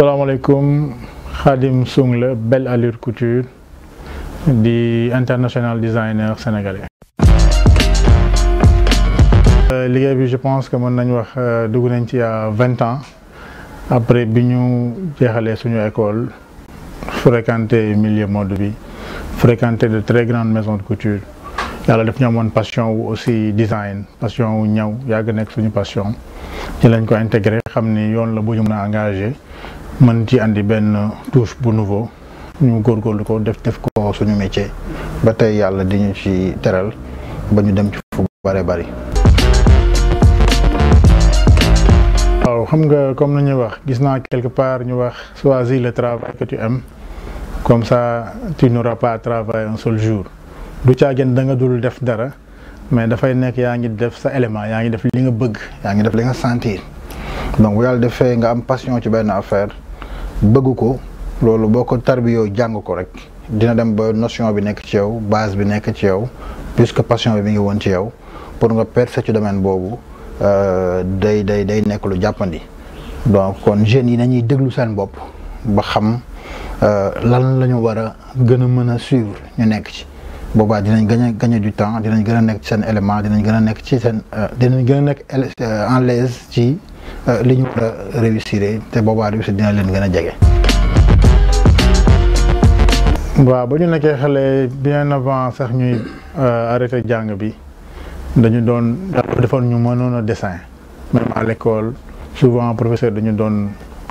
salaamaaleykum Khadim Soung la Belle Allure Couture di international designer sénégalais. Euh, liggéey bi je pense que mën nañu wax euh, dugg nañ ci à vingt ans après bi ñu jeexalee suñu école fréquenté milieu mode bi fréquenté de très grandes maisons de couture yàlla def ñoo moon passion wu aussi design passion wu ñaw yàgg nekk suñu passion ci lañ ko intégré xam ni yoon la bu ñu mën a engagé. mën ci andi benn touche bu nouveau ñu góorgóorlu ko def def ko suñu métier ba tey yàlla di ñu ci teral ba ñu dem ci fu bare bari waaw xam nga comme ñuy wax gis naa quelque part ñu wax choisis le travail que tu aimes comme sa tu n'auras pas à travailler un seul jour du caageen da nga dul def dara mais dafay nekk yaa ngi def sa élément yaa ngi def li nga bëgg yaa ngi def li nga sentir donc bu yàlla defee nga am passion ci benn affaire bëgg ko loolu boo ko tarbiyoo jàng ko rek dina dem ba notion bi nekk ci yow base bi nekk ci yow puisque passion bi mi ngi woon ci yow pour nga percer ci domaine boobu euh, day day day nekk lu jàppandi. donc kon jeunes yi nañuy déglu seen bopp ba xam euh, lan la ñu war a gën a mën a suivre ñu nekk ci boobaa dinañ gën a gagner du temps dinañ gën a nekk ci seen élément dinañ gën a nekk ci seen euh, dinañ gën a nekk en l'aise ci. Euh, li ñu war a réussir te boobaa réussir dina leen gën a jege. waaw ba ñu nekkee xale bien avant sax ñuy euh, arrêté jàng bi dañu doon defoon ñu mënoon a dessin même à l'école souvent professeur dañu doon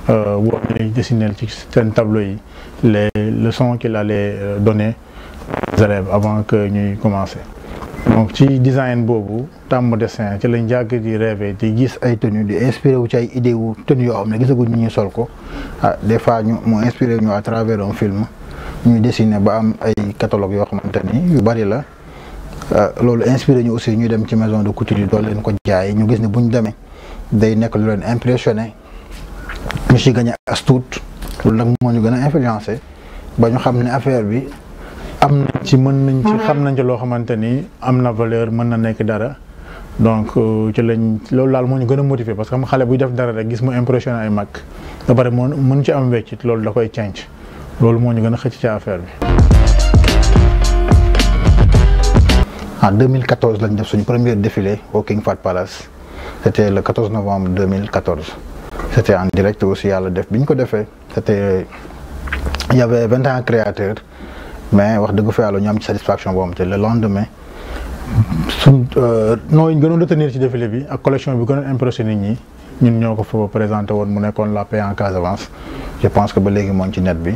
euh, woo ñuy dessiner ci seen tableau yi les leçons qu'il allait donner aux élèves avant que ñuy commencer. donc ci design boobu tàmm dessin ci lañ jàgg di rêvé di gis ay tenues di inspiré wu ci ay idée wu yoo am ne gisaguñ ñu sol ko ah des fois ñu mu inspiré ñu à travers un film ñuy dessiné ba am ay catalogue yoo xamante ni yu bari la ah, loolu inspiré ñu aussi ñuy dem ci maison de couture yi doon leen ko jaay ñu gis ne bu ñu demee day nekk lu leen impressionné ñu si gagné as tuut loolu nag moo ñu gën a influencé ba ñu xam ne affaire bi. am na ci mën nañ ci xam nañ ci loo xamante ni am na valeur mën na nekk dara donc euh, ci lañ loolu daal moo ñu gën a motiver parce que xam xale buy def dara rek gis mu impressionné ay mag da pare moo mën ci am weccit loolu da koy change loolu moo ñu gën a xëcc ci affaire bi. en 2014 lañ def suñu premier défilé au King Fahd Palace c' était le 14 novembre 2014 c' était en direct aussi yàlla def bi ñu ko defee c' était il y avait 21 mais wax dëgg fa yàlla ñu am ci satisfaction boo xam te le lendemain suñ euh, noo ñu gënoon retenir ci défilé bi ak collection bi gënoon impressionné nit ñi ñun ñoo ko fa présenté woon mu nekkoon la paix en Casamance je pense que ba léegi moo ngi ci net bi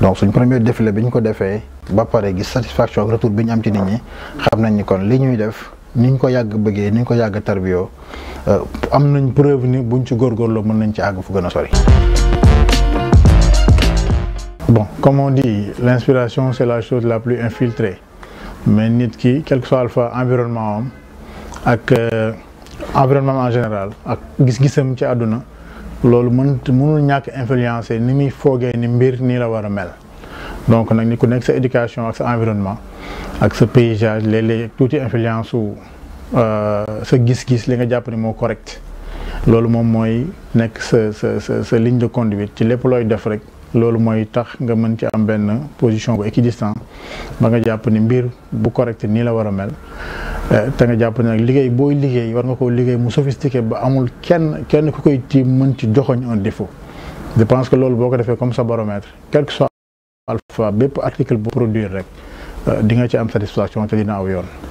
donc suñ premier défilé bi ñu ko defee ba pare gis satisfaction ak retour bi ñu am ci nit ñi xam nañ ni kon li ñuy def ni ñu ko yàgg bëggee ni ñu ko yàgg tarbiyoo euh, am nañ preuve ni buñ ci góorgóorloo mën nañ ci àgg fu gën a sori. bon comme on dit l'inspiration c'est la chose la plus infiltrée mais nit ki quel que soit alpha environnement am ak euh, environnement en général ak gis-gisam ci àdduna loolu mën mënul ñàkk influencer ni muy foogee ni mbir nii la war a mel donc nag ni ku nekk sa éducation ak sa environnement ak sa paysage léeg-léeg tuuti influence su euh, sa gis-gis li nga jàpp ni moo correct loolu moom mooy nekk sa sa sa sa ligne de conduite ci lépp looy def rek loolu mooy tax nga mën ci am benn position bu équidistant ba nga jàpp ni mbir bu correct nii la war a mel eh, te nga jàpp ne nag liggéey booy liggéey war nga koo liggéey mu sophistiqué ba amul kenn kenn ku koy tiim mën ci joxoñ un défaut je pense que loolu boo ko defee comme sa baromètre quel que soit alpha bépp article bu produire rek eh, di nga ci am satisfaction te dina aw yoon